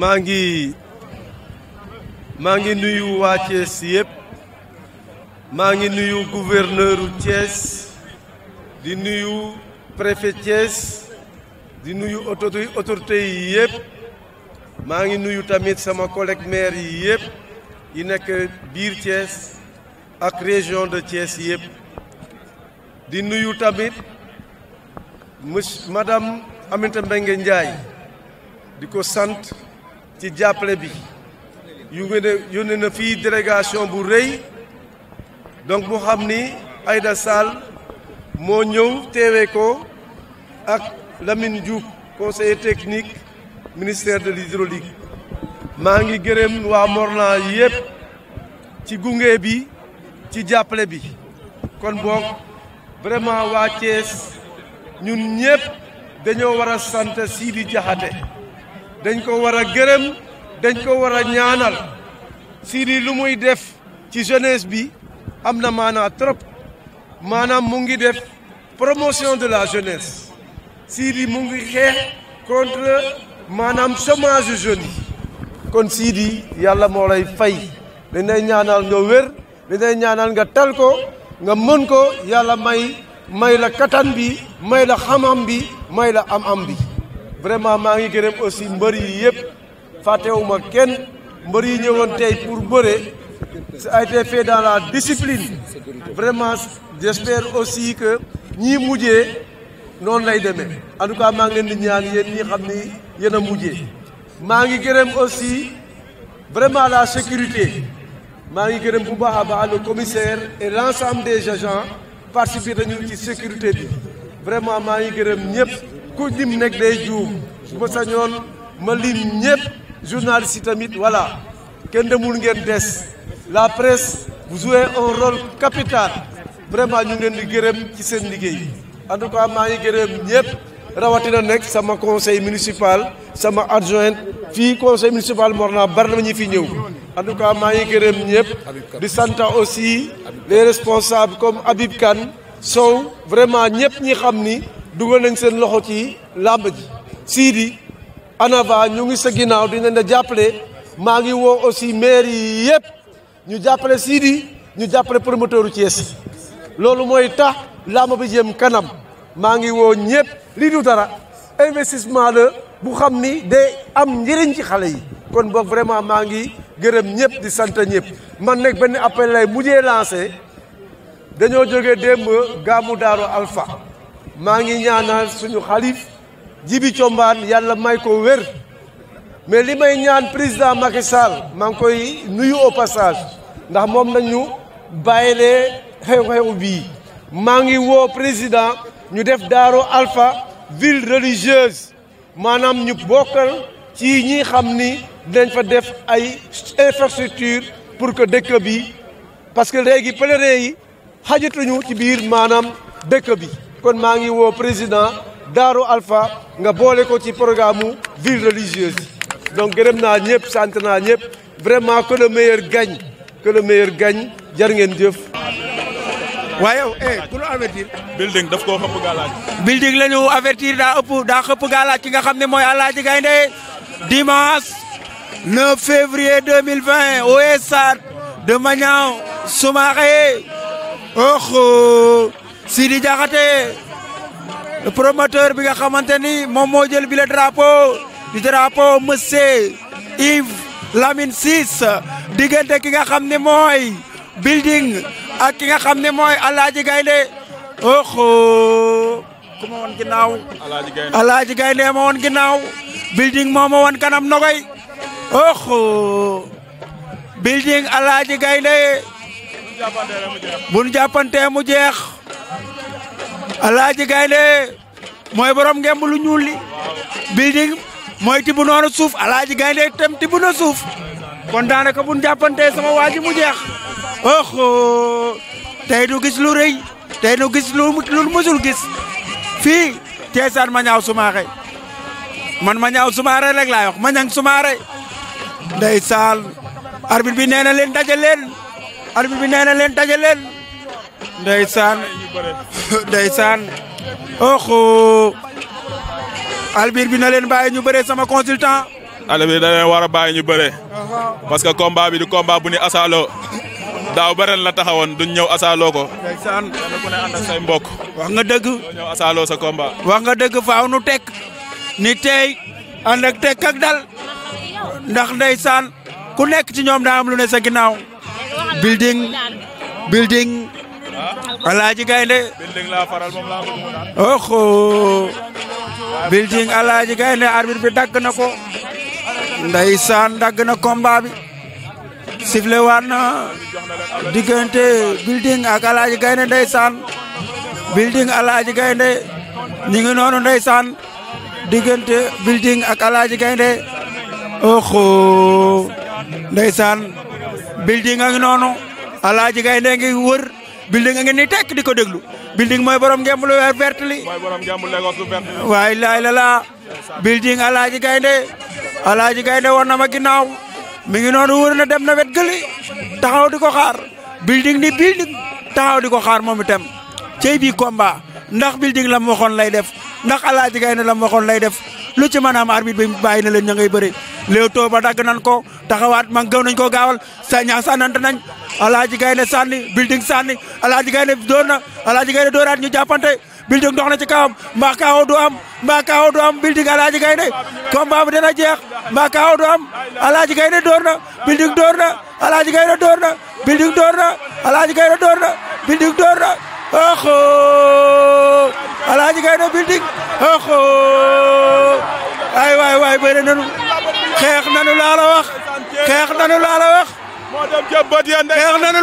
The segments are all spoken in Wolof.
maa ngi maa ngi nuyu waa Thiès yëpp maa ngi nuyu gouverneur u di nuyu préfet Thiès di nuyu autorité yi yëpp maa ngi nuyu tamit sama collègue maire yi yëpp yi nekk biir Thiès ak région de Thiès yëpp di nuyu tamit monsieur madame Aminata Mbengue Ndiaye di ko sant ci jàppale bi yu ngi yónnee na fii délégation bu rëy donc mu xam ni Aïda Sall moo ñëw teewee ko ak Lamine Diouf conseiller technique ministère de l'hydraulique maa ngi gërëm waa Morna yépp ci gunge bi ci jàppale bi kon boog vraiment waa Thiès ñun ñépp dañoo war a sant Sidi Diakhaté dañ ko war a gërëm dañ ko war a ñaanal Sidy lu muy def ci jeunesse bi am na maanaa trop maanaam mu ngi def promotion de la jeunesse Sidy mu ngi xeex contre maanaam chômage jeune yi kon Sidy yàlla moo lay fay li nay ñaanal nga wér li nay ñaanal nga tal ko nga mën ko yàlla may may la katan bi may la xam-xam bi may la am-am bi vraiment maa ngi gërëm aussi mbër yi yëpp fàttewuma kenn mbër yi ñëwoon tey pour bëre ça a été fait dans la discipline vraiment j'espère aussi que ñii mujjee noonu lay demee en tout cas maa ngi leen di ñaan yéen ñi xam ni yéen a mujjee maa ngi gërëm aussi vraiment la sécurité maa ngi gërëm bu baax a baax le commissaire et l'ensemble des agents participer nañu ci sécurité bi vraiment maa ngi gërëm ñëpp ku lim nekk day juum su ma sañoon ma lim ñëpp journalistes yi tamit voilà kenn demul ngeen des la presse vous jouez un rôle capital vraiment ñu ngi leen di gërëm ci seen liggéey en tout maa ngi gërëm ñëpp rawatina nekk sama conseil municipal sama adjoint fii conseil municipal Morna bari na ñu fi ñëw en tout cas maa ngi gërëm ñëpp di sant aussi les responsables comme Habib Kane Sow vraiment ñëpp ñi xam ni. dugal nañ seen loxo ci làmb ji siidi Anava ñu ngi sa ginnaaw dinañ la jàppale maa ngi woo aussi maire yi yëpp ñu jàppale Sidi ñu jàppale promoteur u loolu mooy tax làmb bi jëm kanam maa ngi woo ñëpp lii du dara investissement la bu xam ni day am njëriñ ci xale yi kon boog vraiment maa ngi gërëm ñëpp di sant ñëpp man nag benn appel lay mujjee lancé dañoo jógee démb gàmmu daaru Alpha maa ngi ñaanal suñu xalif jibi combaan yàlla may ko wér mais li may ñaan président Macky Sall maa ngi koy nuyu au passage ndax moom nañu bàyyilee xew-xew bii maa ngi woo président ñu def Daaru Alpha ville religieuse maanaam ñu bokkal ci ñi xam ni dinañ fa def ay infrastructure pour que dëkk bi parce que léegi pèlerin yi xajatuñu ci biir maanaam dëkk bi kon maa ngi woo président Darou alfa nga boole ko ci programme mu ville donc gërëm naa ñëpp sant naa ñëpp vraiment que le meilleur gagne que le meilleur gagne ngeen jëf. waaye yow eh ku la avertir. building daf koo xëpp galaaj. building la ñu avertir daa ëpp daa xëpp galaaj ki nga xam ne mooy Aladji Gaynde dimanche 9 février 2020 au stade de Maniang Soumaré. oh Sidi Diakhaté le promoteur bi nga xamante ni moom moo jël bi le drapeau di drapeau monsieur Yves Lamine Ciss diggante ki nga xam ne mooy building ak ki nga xam ne mooy Alaaji Gaynde oh ku ma woon ginnaaw Alaaji Gaynde ma woon ginnaaw building moo ma kanam nogoy oh building Alaaji Gaynde bu nu jàppantee mu jeex alaaji gaynde mooy borom ngemb lu ñuul li building mooy tibb noonu suuf alaaji gaynde tam tibb na suuf kon daanaka bu nu jàppantee sama waa mu jeex oh tey du gis lu rëy tey du gis lu lu mësul gis fii Ceesaan ma ñaaw Soumaré man ma ñaaw Soumaré rek ma ñang Soumaré ndeysaan arbitre bi nee na leen daje leen arbitre bi nee na leen daje leen. ndeysaan ndeysaan oxo arbitre bi na leen bàyyi ñu bëree sama consultant. arbitre bi da war a bàyyi ñu bëree. parce que combat bi du combat bu ni asaaloo. daaw ba la taxawoon duñ ñëw asaaloo ko. mbokk. wax nga dëgg. doo ñëw asaaloo sa combat. wax nga dëgg faaw nu tekk. ni tey ànd ak tekk ak dal. ndax ndeysaan ku nekk ci ñoom daa am lu ne sa ginnaaw. building building Alaaji Gaynde oxo building Alaaji Gaynde arbitre bi dagg na ko ndeysaan dagg na combat bi sifflé na diggante building ak Alaaji Gaynde ndeysaan building Alaaji Gaynde ñu ngi diggante building ak Alaaji Gaynde oxo ndeysaan building a ngi noonu alaaji gaynde ngi wër building a ngi ni tekk di ko déglu building mooy borom ngemb lu vert li mooy borom ngemb Lagos lu vert waay laay la laa building alaaji gaynde alaaji gaynde war na ma ginnaaw mi ngi noonu wër na dem na wet gëli taxaw di ko xaar building ni building taxaw di ko xaar moom itam cey bi combat ndax building la mu waxoon lay def ndax alaaji gaynde la mu waxoon lay def lu ci maanaam arbitre bi bàyyi na leen ña ngay bëri Leewtoo ba dagg nañ ko taxawaat man gaw nañ ko gaawal sa ñaa sànnante nañ Alaaji Gaynde sànni building sànni Alaaji Gaynde door na Alaaji Gaynde dooraat ñu jàppante building dox na ci kawam mbaa kaaw du am mbaa kaaw du am building Alaaji Gaynde combat bi dana jeex mbaa kaaw du am Alaaji Gaynde door na building door na Alaaji Gaynde door na building door na Alaaji Gaynde door na building door na oxo Alaaji Gaynde building oxo ay waay waay bëre nañu xeex nanu laa la wax. xeex nanu laa wax. ya ndey. xeex nanu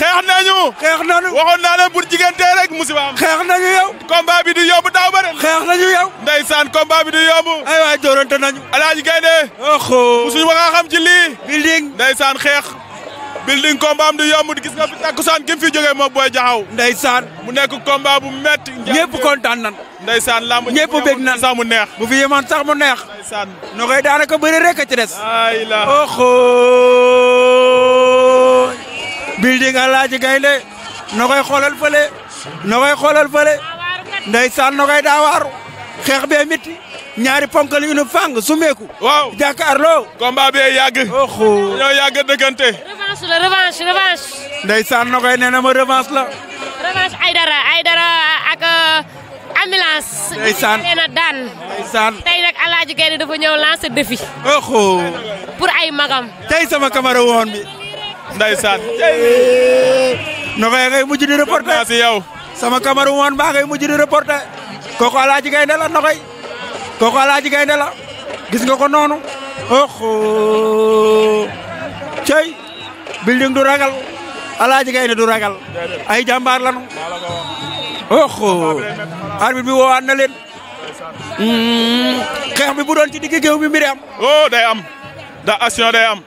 xeex nañu. xeex nanu waxoon naa leen pour jigéente rek musiba am. xeex nañu yow. combat bi du yomb daaw ba ren. xeex nañu yow. ndeysaan combat bi du yomb. ay waay dóorante nañu. alaaji gaynde. oxoo musuñu wax nga xam ci lii. building ndeysaan xeex. building combat am du yomb gis nga fi takkusaan ki mu fi jógee booy jaxaw. ndeysaan mu nekk combat bu métti. kontaan nan ndeysaan lamb na sax mu neex bu fi yemoon sax mu neex ndeysaan no koy daanaka bëri rek ci des ay la oxo building a laaji gaynde no koy xoolal fële no koy xoolal fële ndeysaan no koy daa waaru xeex bee métti ñaari ponk li ñu fang sumeeku. waaw jàkkaarloo. combat bee yàgg. oho ñoo yàgg nee na ma revanche la. ambulance. ndeysaan leen a daan. ndeysaan tey nag El Hadj Gaynde dafa ñëw lancer défi. oho. ay magam. tey sama kamara woon bi. ndeysaan. nogay ngay mujj di reporté si yow. sama kamara woon baa ngay mujj di reporté. kooku El Gaynde la nogay. kooku El Gaynde la. gis nga ko noonu. oho. cey. building du ragal. El Gaynde du ragal. ay jàmbaar lanu. oxo arbitre bi woowaat na leen hmm, xeex bi bu doon ci digg géew bi mbiri am oh day am da action day am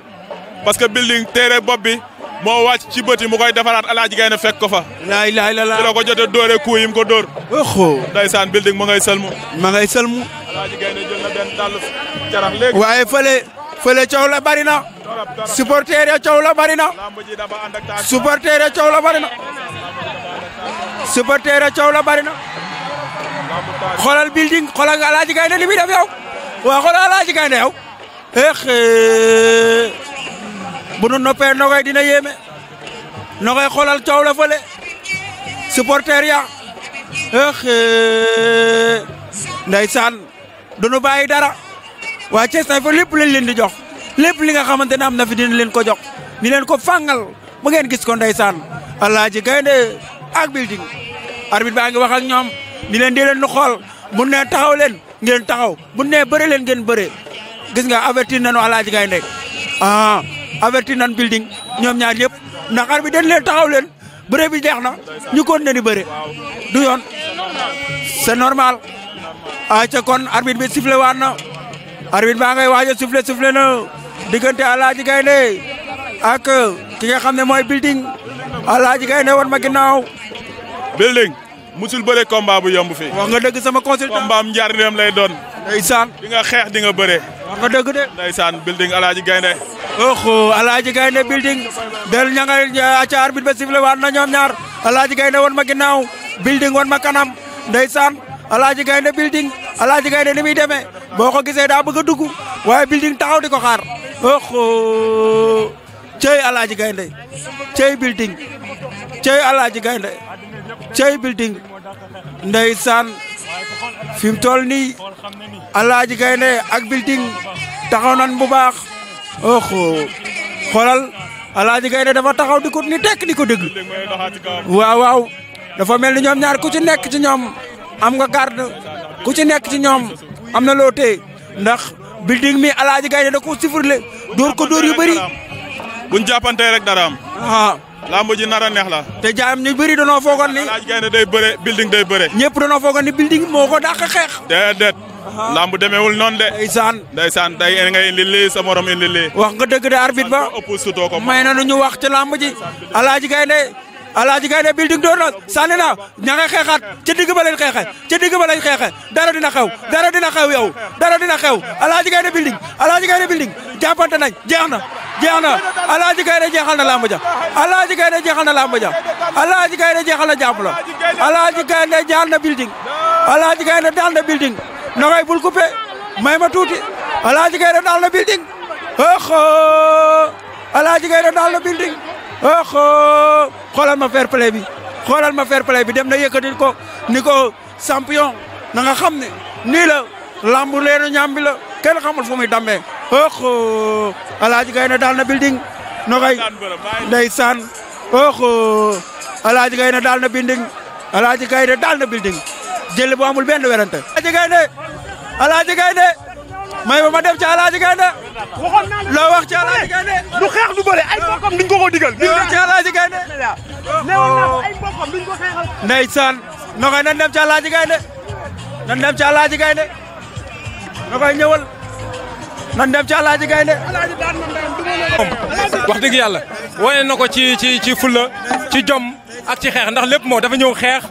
parce que building téere bopp bi moo wàcc ci bëti mu koy defaraat alaaji gay na fekk ko fa laay laay la la ci ko jote dóore kuu ko dóor oxo ndeysaan building ma ngay sëlmu ma ngay sëlmu alaaji gay na waaye fële fële coow la bari na supporter ya coow la bari na supporter ya coow la bari na supporter a coow la bari na xoolal building xoolal nga Alaaji Gaynde li muy def yow waaw xoolal Alaaji Gaynde yow eh, eh bu nu noppee nogoy dina yéeme nogoy xoolal coow la fële supporter ya eh, eh. ndeysaan du nu bàyyi dara waa Thiès fa lépp lañ leen di jox lépp li nga xamante ne am na dina leen ko jox di leen ko fàngal ba ngeen gis ko ndeysaan Alaaji Gaynde ak building arbitre baa ngi wax ak ñoom di leen di xool bu ne taxaw leen ngeen taxaw bu nee bëre leen ngeen bëre gis nga avertir nañu alaaji ngay nekk ah avertir nañu building ñoom ñaar yëpp ndax arbitre dañ leen taxaw leen bëre bi jeex na ñu kon ne di bëre du yoon normal a ca kon arbitre bi sifflé waat na arbitre baa ngay waaj a sifflé sifflé na diggante alaaji gaynde ak ki nga xam ne mooy building Alaaji Gaynde wan ma ginnaaw. Building musul bëre combat bu yomb fii. wax nga dëgg sama consultant combat njarneem lay doon. ndeysaan di nga xeex dinga nga bëre. wax nga dëgg de. ndeysaan Building Alaaji Gaynde. oh Alaaji Gaynde Building. del ña nga ca arbitre ba sifflé waat na ñoom ñaar. Alaaji Gaynde wan ma ginnaaw. Building wan ma kanam. ndeysaan Alaaji Gaynde Building. Alaaji Gaynde ni muy demee boo ko gisee daa bëgg a dugg waaye Building taxaw di ko xaar. cey alaaji gaynde cey building cey alaaji gaynde cey building ndeysaan fi mu tol nii alaaji gaynde ak building taxaw nan bu baax oxo xoolal alaaji gaynde dafa taxaw di ko ni tekk di ko déglu waaw waaw dafa mel ni ñoom ñaar ku ci nekk ci ñoom am nga garde ku ci nekk ci ñoom am na loo ndax building mi alaaji gaynde da ko sifurle dóor ko dóor yu bëri buñ jàppantee rek dara am. lamb ji nar a neex la. te jaam ñu bëri danoo foogoon ni. laaj gaynde day bëre building day bëre. ñëpp danoo foogoon ni building moo ko dàq xeex. déedéet. lamb demeewul noonu de. ndeysaan ndeysaan day ngay indi lii sa morom indi lii. wax nga dëgg de arbitre ba. ko may na nu ñu wax ci lamb ji. alaaji gaynde alaaji gaynde building door na sànni na ña ngay xeexaat ca digg ba leen xeexe ca digg ba leen xeexe dara dina xew dara dina xew yow dara dina xew alaaji gaynde building alaaji gaynde building jàppante nañ jeex na jeex na alaaji gaynde jeexal na làmb ja alaaji gaynde jeexal na làmb ja alaaji gaynde jeexal na jàmm la alaaji gaynde jeexal na building alaaji gaynde daal na building na ngay bul coupé may ma tuuti alaaji gaynde daal na building oxo alaaji gaynde daal na building oh xoolal ma fair play bi xoolal ma fair play bi dem na yëkkatil ko ni ko champion na nga xam ne nii la lambu leenu ñaam bi la kenn xamul fu muy dammee oh alaaji gaynde daal na building no koy ndeysaan oh alaaji gaynde daal na building alaaj gaynde daal na building jël bu amul benn werante alaaji gaynde alaaji gaynde may ba ma dem ci Alaaji Gaynde waxoon loo wax ci Alaaji Gaynde du xeex du bëre ay ko ko digal ñu dem ci Alaaji Gaynde newoon naa ay mbokkam nan dem ci Alaaji Gaynde nan dem ci Alaaji Gaynde no koy ñëwal nan dem ci Alaaji Gaynde wax dëgg yàlla wane na ko ci ci ci fulla ci jom ak ci xeex ndax lépp moo dafa ñëw xeex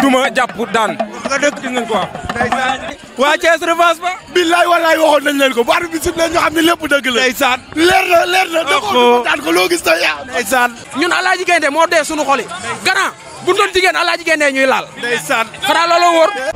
duma jàpp daan nga dëgg gis nañ ko waa Thiès revanche ba. billaay wallaay waxoon nañ leen ko bu arbitre bi sifflé ñu xam ne lépp dëgg la. ndeysaan leer na leer na. d'accord daan ko loo gis da ah. yaa. ndeysaan ñun Alaaji Gaynde moo dee suñu xol yi. grand bu doon jigéen Alaaji ñuy laal. ndeysaan xanaa looloo wóor.